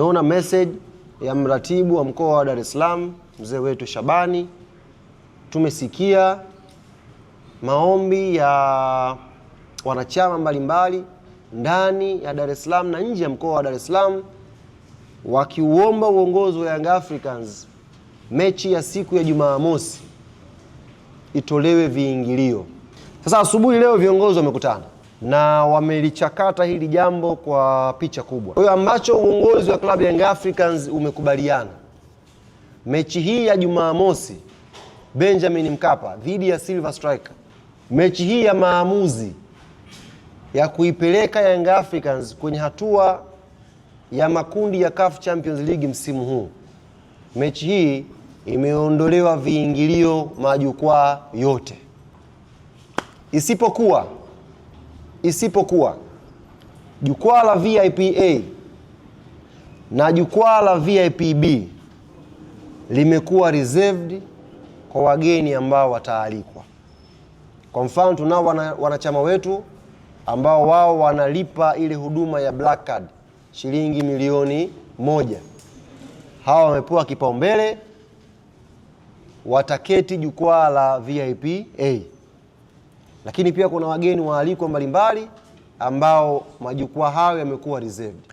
Naona message ya mratibu wa mkoa wa Dar es Salaam mzee wetu Shabani. Tumesikia maombi ya wanachama mbalimbali ndani ya Dar es Salaam na nje ya mkoa wa Dar es Salaam wakiuomba uongozi wa Young Africans mechi ya siku ya Jumamosi itolewe viingilio. Sasa asubuhi leo viongozi wamekutana na wamelichakata hili jambo kwa picha kubwa. Kwa hiyo ambacho uongozi wa klabu ya Young Africans umekubaliana mechi hii ya Jumamosi Benjamin Mkapa dhidi ya Silver Striker, mechi hii ya maamuzi ya kuipeleka Young Africans kwenye hatua ya makundi ya CAF Champions League msimu huu, mechi hii imeondolewa viingilio majukwaa yote isipokuwa isipokuwa jukwaa la vipa na jukwaa la vipb limekuwa reserved kwa wageni ambao wataalikwa. Kwa mfano, tunao wana, wanachama wetu ambao wao wanalipa ile huduma ya Black Card shilingi milioni moja. Hawa wamepewa kipaumbele, wataketi jukwaa la vipa lakini pia kuna wageni waalikwa mbalimbali ambao majukwaa hayo yamekuwa reserved.